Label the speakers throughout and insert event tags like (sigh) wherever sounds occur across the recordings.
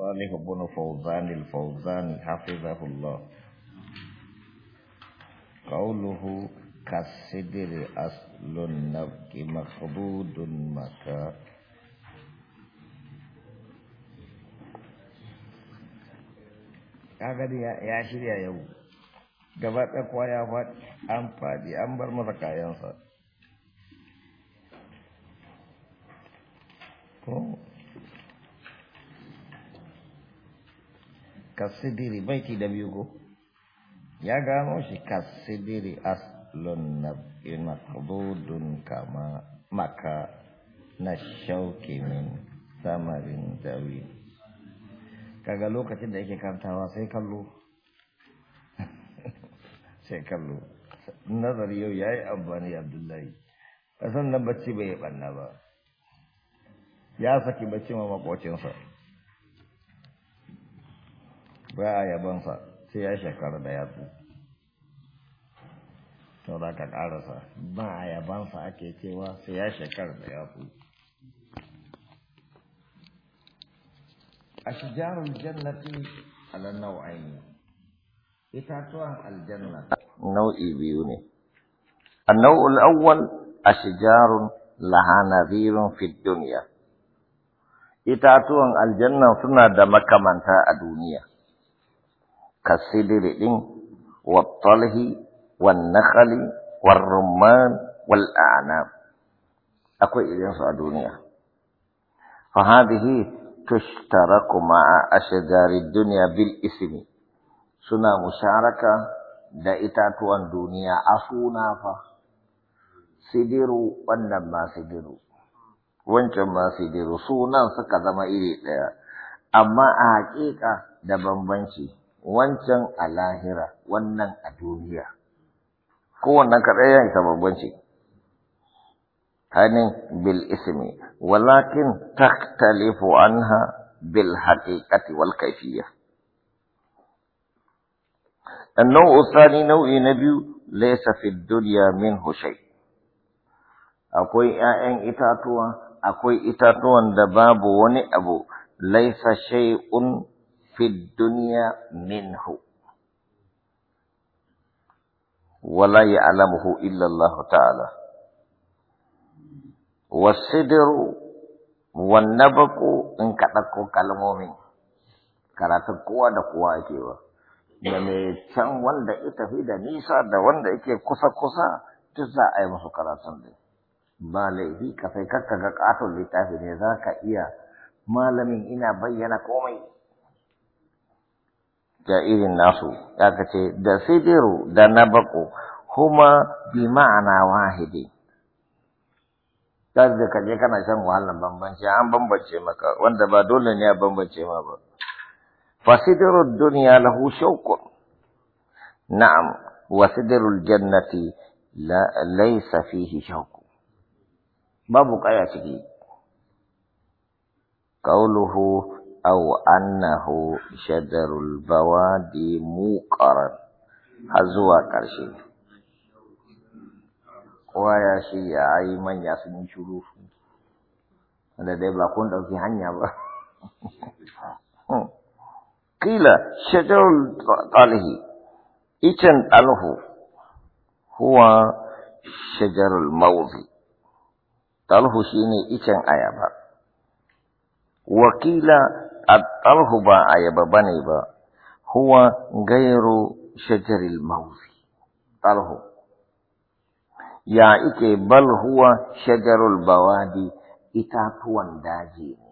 Speaker 1: صالح بن فوزان الفوزان حفظه الله قوله كالسدر أصل النبك مخبود مكا kaga ya shirya yau gaba ɗakwa ya faɗi an faɗi an bar masa kayansa to kasidiri baiti da biyu ko ya gano shi kasidiri aslun na makdudun kama maka na shauki min samarin dawi kaga lokacin da yake kantawa sai kallo (laughs) sai kallo nazari yau ya yi amfani abdullahi sannan bacci bai yi ba ya saki bacci ma makocinsa ba a yabansa sai ya shekara da yatsu to da ka karasa ba a yabansa ake cewa sai ya shekara da yatsu a shijarun jannati ala nau'aini itatuwan aljanna nau'i biyu ne النوع الأول أشجار lahana نظير في الدنيا itatuwan aljanna suna da makamanta a duniya كالسدر دين والطلح والنخل والرمان والأعناب أكو إذن في الدنيا فهذه تشترك مع أشجار الدنيا بالاسم سنة مشاركة da itatuwan duniya a suna fa sidiru wannan ma sidiru wancan ma sidiru sunan suka zama iri ɗaya amma a haƙiƙa da bambanci wancan a lahira wannan a duniya kowanne ka tsaya isa bambanci hannun bil ismi walakin taktalifu anha bil haƙiƙati wal kayfiyya النوع nau'i na biyu? ليس fi الدنيا min hushai. akwai ‘ya'yan itatuwa, akwai itatuwan da babu wani abu, laisa shay'un في الدنيا منه ولا يعلمه إلا الله تعالى والصدر والنبق إن كتك كالمومن karatun kowa da kowa ake ba da mai can wanda ita fi da nisa da wanda yake kusa-kusa duk za a yi musu karatun da ba laifi ka sai kakka ga ƙaton littafi ne za ka iya malamin ina bayyana komai jairin irin nasu ka ce da sidiru da na bako kuma bi ma'ana wahidi da ka je kana shan wahalan bambanci an bambance maka wanda ba dole ne a bambance ma ba fasidiru dunya lahu shauqun na'am wa sidirul jannati la laysa fihi shauq babu kaya ciki qawluhu أو أنه شجر البوادي موقرا هزوا كرشي ويا شيء أي من يسن شروف da dai ba kun ɗauki hanya ba kila shajarul talhi icen talhu huwa shajarul mawzi shine icen ayaba wakila at-talhu ba ayaba bane ba huwa gairu shajaril mawzi talhu ya ike bal huwa shajarul bawadi itatuwan daji ne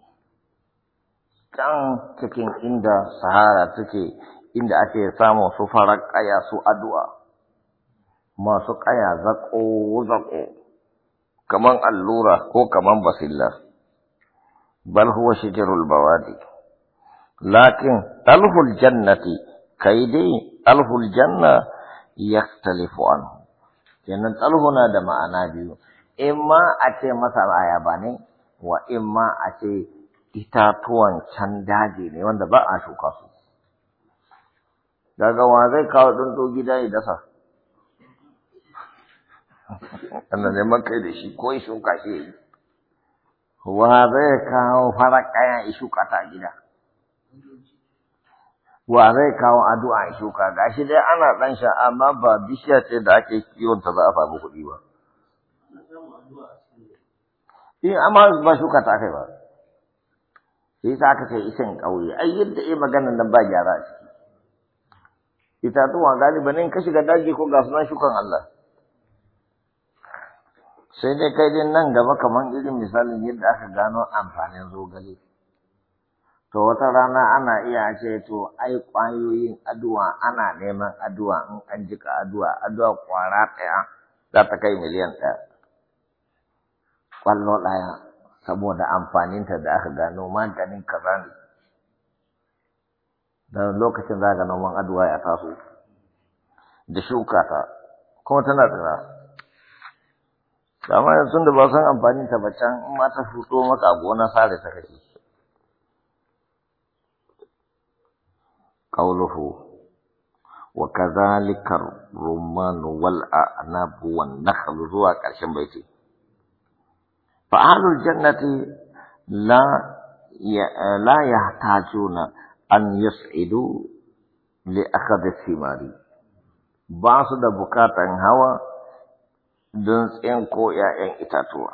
Speaker 1: can cikin inda sahara take inda ake samu su farar kaya su addu'a masu kaya zako zako kaman allura ko kaman basillar بل هو شجر البوادي lakin ɗalhul jannati kai dai ɗalhul janna yaktalifu anhu kenan ɗalhu na da ma'ana biyu in ma a ce masa ayaba ne wa in ma a ce itatuwan can daji ne wanda ba a shuka su daga wa zai kawo ɗunto gida ya dasa (laughs) ana neman kai da shi ko shuka shi wa zai kawo farar ƙaya ya shuka ta gida wa zai kawo addu'a a shuka gashi dai ana dan sha amma ba bishiya ce da ake kiwon ta za a samu kuɗi ba in amma ba shuka ta kai ba sai ta aka ce isan ƙauye ai yadda ai maganar nan ba gyara a ciki itatuwa galiban in ka shiga daji ko ga sunan shukan Allah sai dai kai dai nan gaba kaman irin misalin yadda aka gano amfanin zogale To wata rana ana iya ce to ai ƙwayoyin aduwa ana neman aduwa in an jika aduwa aduwa kwara ɗaya za ta kai miliyan ɗaya. Ƙwallo ɗaya saboda amfaninta da aka gano maganin kaza ne. Da lokacin za ga noman aduwa ya taso da shuka ta kuma tana tsira. Kama yanzu da ba san amfanin ta ba can in ma ta fito maka gona sare ta kake. قوله وكذلك الرمان والأعناب والنخل زوا كرشن بيتي فأهل الجنة لا لا يحتاجون أن يسعدوا لأخذ الثمار بعض بكاتا هوا don tsinko ‘ya'yan itatuwa.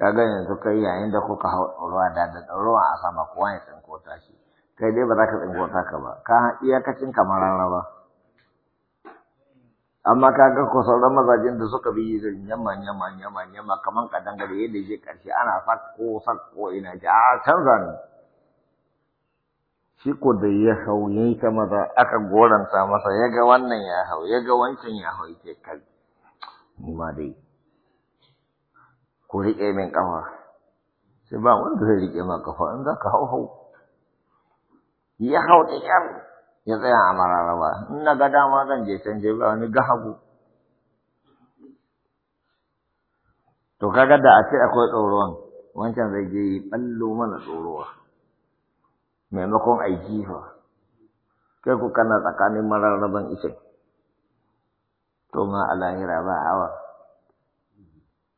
Speaker 1: Kaga yanzu kai yayin da kuka hau ruwa da da ruwa a sama kowa ya tsinko tashi. kai dai ba za ka tsingota ka ba ka iyakacin kamar rarraba amma ka ga ko sauran mazajen da suka bi da yamma yamma yamma yamma kaman ka dangare yadda je karshe ana sako sako ina ji a ah, canza ne shi ko da ya hau ya yi ta maza aka goranta masa ya ga wannan ya hau ya ga wancan ya hau ke kai ni ma dai ku riƙe min ƙafa sai ba wanda zai riƙe maka ƙafa in za ka hau hau ya hau da kyar ya tsaya a mararaba in na ga dama zan je can je ba wani gahagu to kaga da a ce akwai tsoron wancan zai je yi ɓallo mana tsorowa maimakon aiki jifa kai ku kana tsakanin mararraban ishe to ma a ba hawa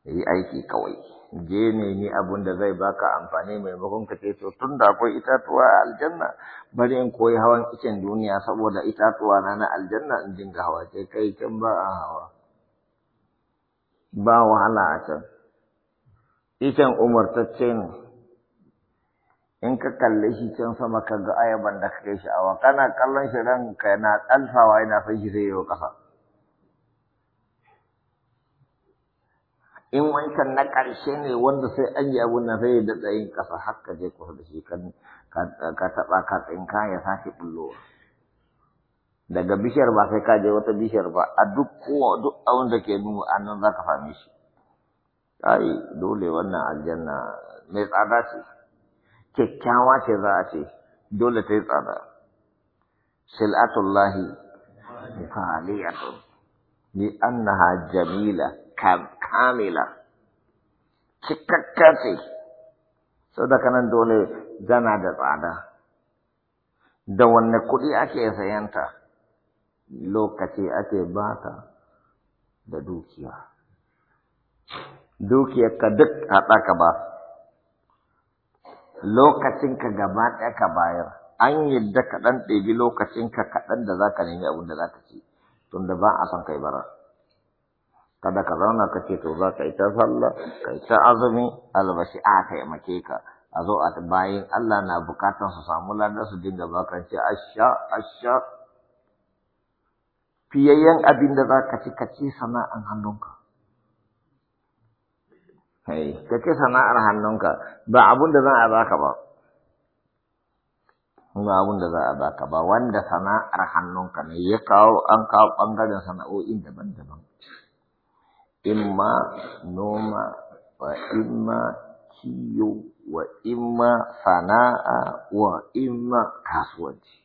Speaker 1: yi aiki kawai je nemi abun da zai baka amfani maimakon ka ce to tun da akwai itatuwa a aljanna bari in koyi hawan icen duniya saboda itatuwa na na aljanna in dinga hawa ce kai can ba a hawa ba wahala a can icen umartacce ne in ka kalle shi can sama ka ga ayaban da kake sha'awa kana kallon shi ka yana tsalfawa yana fashi sai yau kasa in wankan na ƙarshe ne wanda sai an yi abu na zai da tsayin ƙasa haka je kusa da shi ka taɓa ka tsinka ya sake bullowa daga bishiyar ba sai ka je wata bishiyar ba a duk kowa duk abin da ke nuna a nan za ka same shi ai dole wannan aljanna mai tsada ce kyakkyawa ce za a ce dole ta yi tsada sil'atullahi faliyatun li annaha jamila amila cikakka ce sau da kanan dole gana da tsada da wanne kuɗi ake sayanta lokaci ake bata da dukiya ka duk a ka ba lokacin ka gaba ɗaya ka bayar an yadda ka ɗan ɗebi ka kaɗan da za ka nemi abin da za ka ci tunda ba a son kai bara kada ka zauna ka ce to za ka yi ta sallah ka yi ta azumi albashi a taimake ka a zo a bayan Allah na bukatan su samu ladar su dinga bakan ce asha asha fiyayyen abin da za ka ci ka ci sana'an hannunka hey, ka ci sana'ar hannunka ba abun da za a baka ba ba abun da za a baka ba wanda sana'ar hannunka ne ya kawo an kawo ɓangaren sana'o'in daban-daban imma noma wa imma kiyo wa imma sana'a wa imma kasuwanci.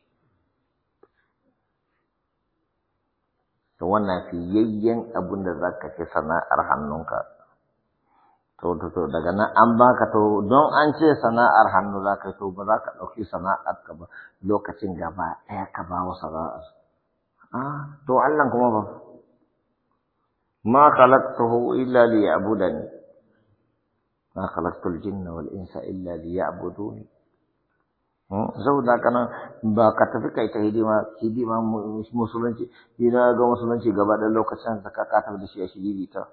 Speaker 1: To wannan fiyayyen abin da za ka sana'ar hannunka. To, to, to, daga nan an baka to don an ce sana'ar hannu za ka to ba za ka ɗauki sana'ar ka ba lokacin gaba ɗaya ka ba wa sana'ar. Ah, to Allah kuma ba. ما خلقته إلا ليعبدني ما خلقت الجن والإنس إلا ليعبدوني saboda haka nan ba ka tafi kai ta hidima hidima musulunci ina ga musulunci gaba da lokacin da ka kata da shi a shiriri ta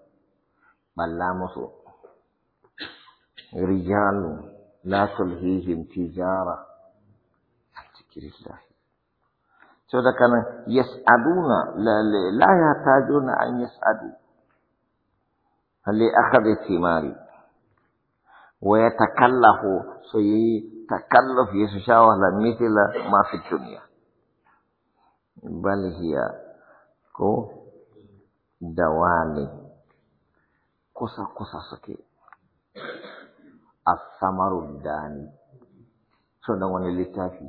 Speaker 1: balla musu rijalu la tulhihim tijara a cikin Saudara da yes aduna, la ya tajuna an yas'adu li akhadhi thimari wa yatakallahu su yi takallahu ya su sha wahala mithla ma fi ko dawani kusa kusa suke as-samaru dani so da wani littafi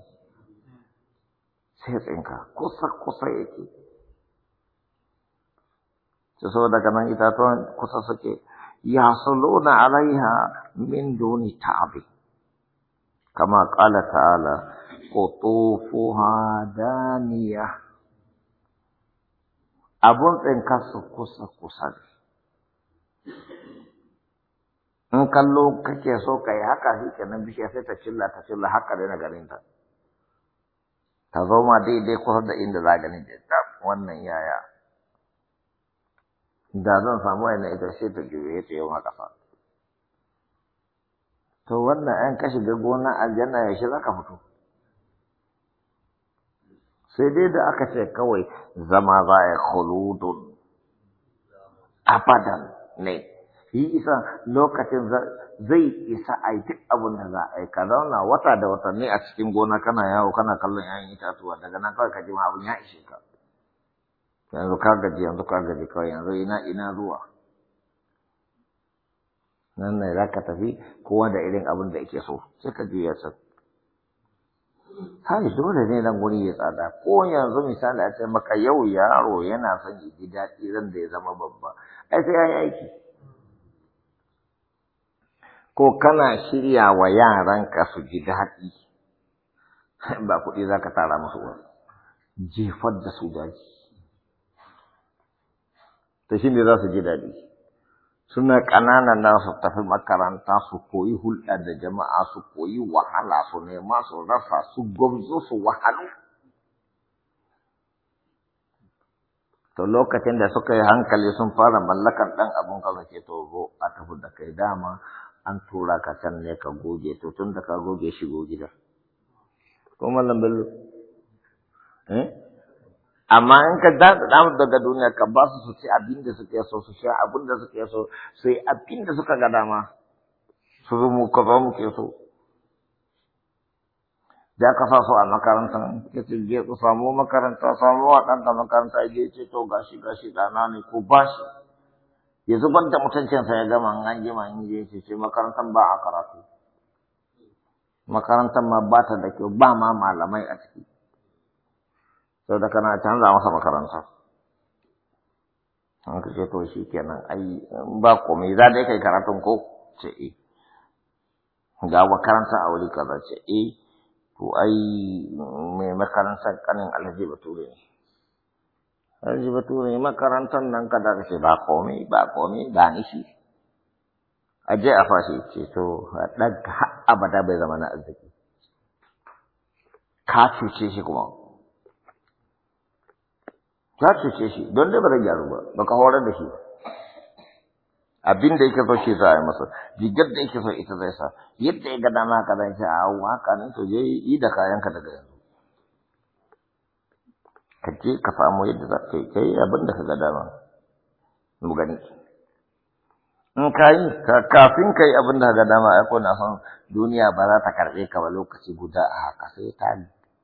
Speaker 1: sai tsinka kusa-kusa yake su daga nan itatuwan kusa suke ya na alaiha min duni ta'abi kama ƙala ta'ala qutufuha daniya abun tsinka su kusa-kusa in kallo kake so ka yi haka shi kenan bishiya sai ta cilla ta cilla haka daina ganin ta ta zo ma daidai kusa da inda za da nije wannan yaya da zan samu wani ita sai ta juye ta yau haka to wannan ɗan kashi shiga gona aljanna shi za ka fito sai dai da aka ce kawai zama za a yi khuludun abadan ne yi isa lokacin zai isa a yi duk abin da za a yi ka zauna wata da watanni a cikin gona kana yawo kana kallon 'ya'yan itatuwa daga nan kawai ka ji abin ya ishe ka yanzu ka gaji yanzu ka gaji kawai yanzu ina ina zuwa nan ne za ka tafi kowa da irin abin da yake so sai ka juya sa sai dole ne nan guri ya tsada ko yanzu misali a ce maka yau yaro yana son ya ji daɗi zan da ya zama babba ai sai ya yi aiki ko kana shirya wa yaranka su ji daɗi (laughs) ba kuɗi za ka tara musu ba jefar da su daji ta shi ne za ji daɗi suna ƙananan na su tafi makaranta su koyi hulɗa da jama'a su koyi wahala su nema su rasa su gwamzo su wahalu to lokacin da suka yi hankali sun fara mallakar ɗan abin kaza ke to zo a tafi da kai dama an tura ka can ne ka goge to tun da ka goge shigo gida ko mallam bello eh? amma in ka da daga duniya ka ba su su ci abin da suke so su sha abin da suke so su abin da suka ga dama su zo mu ka mu ke so da ka sa su a makarantar ka ce je ku samu makaranta samu wa ɗanka makaranta je ce to gashi gashi na ne ko bashi ya zubar da mutuncinsa ya gama an jima in je shi ce makarantar ba a karatu makarantar ma ba ta da kyau ba ma malamai a ciki sau da kana canza masa makaranta an ka ce to shi kenan ai ba komai za da kai karatun ko ce e ga makaranta a wuri kaza ce e to ai mai makarantar kanin alhaji bature ne har ji bature makarantar nan kada ka ce ba komai ba komai ni shi a je a fashe ce to abada bai zama na arziki ka cuce shi kuma ka cuce don dai ba zai ba ka horar da shi abin da yake to shi za a yi masa rigar da yake so ita zai sa yadda ya ga dama ka zai ce a waka to je yi da kayanka daga yanzu ka je ka samu yadda za ka yi ka yi abin da ka ga dama mu gani in ka yi kafin ka yi abin da ka ga dama ai na son duniya ba za ta karɓe ka ba lokaci guda a haka sai ta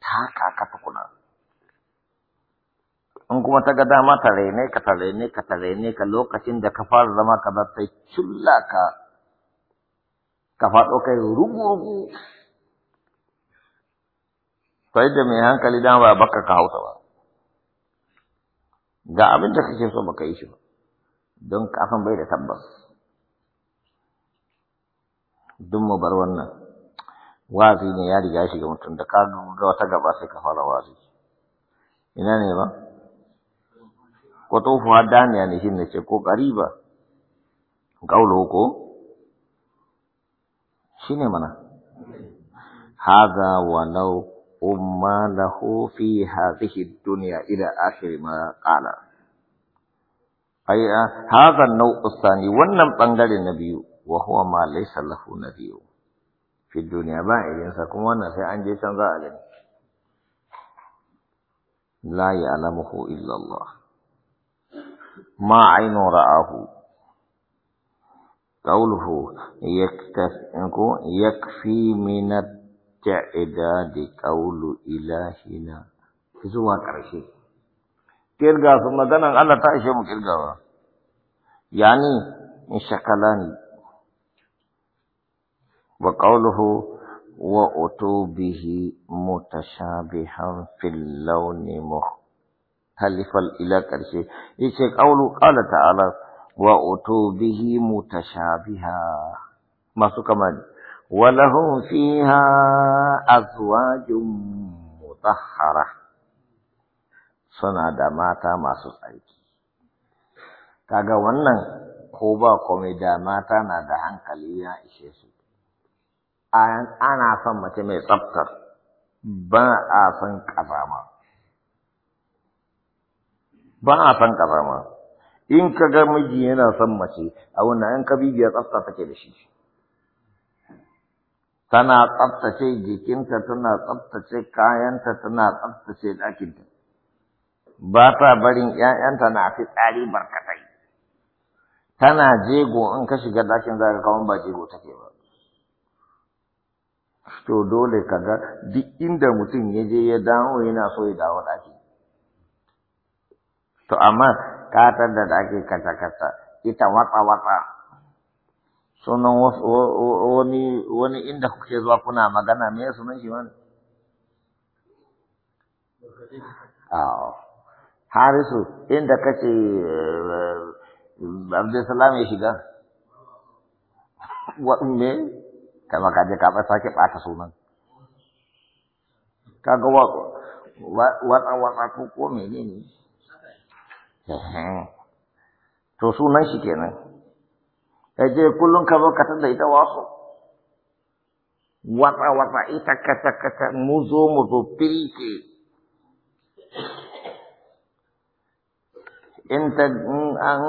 Speaker 1: taka ka tukuna in kuma ta ga dama ta raine ka ta raine ka ta raine ka lokacin da ka fara zama ka za ta culla ka ka faɗo kai rugu-rugu da mai hankali dama ba baka ka hauta ba ga abin da kake so baka yi shi ba don kafin bai da tabbas duk mu bar wannan wazi ne ya riga shiga mutum da ka ga wata gaba sai ka fara wazi ina ne ba kwatofu daniya ne shi ne ce ko kariba gaulo ko shi mana haza walau وما له في هذه الدنيا إلى آخر ما قال أي آه، هذا النوع الثاني ونم بنجل النبي وهو ما ليس له نبي في الدنيا ما إذن سكم وانا سأنجي تنظالم لا يعلمه إلا الله ما عين رآه قوله يكفي من الدنيا isti'dadi e qawlu ilahina zuwa ƙarshe kirga su maganan Allah ta ishe mu kirgawa yani in shakalani wa qawluhu wa utubihi mutashabihan fil lawni halifal ila ƙarshe yace qawlu qala ta'ala wa utubihi mutashabiha masu kamani. ولهم فيها أزواج مطهرة suna da mata masu tsarki kaga wannan ko ba komai da mata na da hankali ya ishe su ana son mace mai tsaftar ba a son kazama ba a son kazama in ka ga miji yana son mace a wannan an ka bibiya tsafta take da shi tana tsaftace jikinta tana tsaftace kayanta tana tsaftace ɗakinta ba ta barin ‘ya'yanta na fi fitsari barkatai tana jego in ka shiga ɗakin za ka kawo ba jego take ba to dole ka ga duk inda mutum ya je ya dawo yana so ya dawo ɗaki to amma katar da ɗaki kata kata ita watsa watsa sunan wani wani inda kuke zuwa kuna magana me sunan shi wani harisu inda kace eh, salam ya shiga wa me kama ka je ka sake bata sunan kaga wa wa wata ko menene to sunan shi kenan ka je kullum ka zo ka tada ita wasu wata wata ita kata kata mu zo mu zo firke in ta In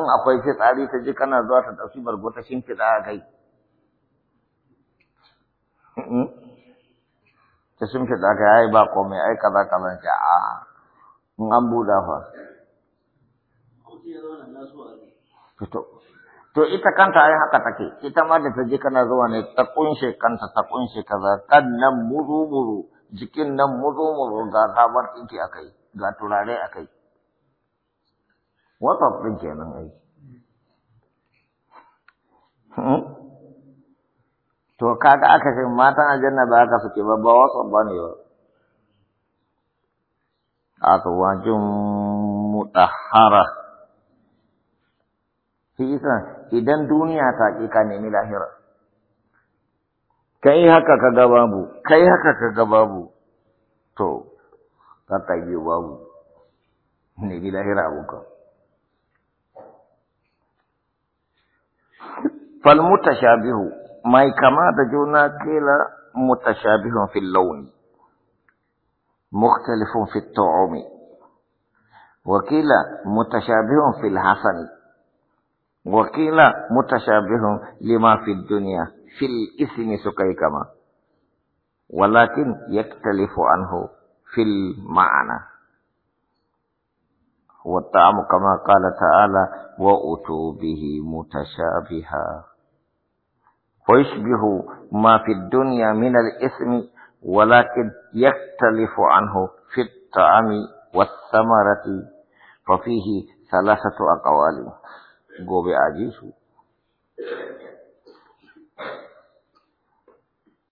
Speaker 1: akwai tsari ta ji kana zuwa ta ɗauki bargo ta shimfiɗa a kai ta shimfiɗa ka yayi ba komai ai kaza kaza ce a in an buɗa fa fito To ita kanta ai haka take, ita ma da ta kana zuwa ne ta kunshe kanta ta kunshe kaza, kan nan muru muru, jikin nan muru muru ga sabon ɗinki a kai, ga turare a kai. Wata ɗin kenan ai. Hmm? To kaga aka ce matan aljanna ba aka suke ba ba wasu ba ne ba. Azwajin mutahhara. Shi isa idan duniya ta ƙi nemi lahira kai haka ka ga babu kai haka ka ga babu to ka ta yi babu ne bi lahira abuka fal abokan فالمتشابه ما كما دجونا كلا متشابه في اللون مختلف في الطعم وكلا متشابه في الحسن وقيل متشابه لما في الدنيا في الاسم سكيكما ولكن يختلف عنه في المعنى والطعام كما قال تعالى وأتوا به متشابها ويشبه ما في الدنيا من الاسم ولكن يختلف عنه في الطعام والثمرة ففيه ثلاثة أقوال gobe a ji su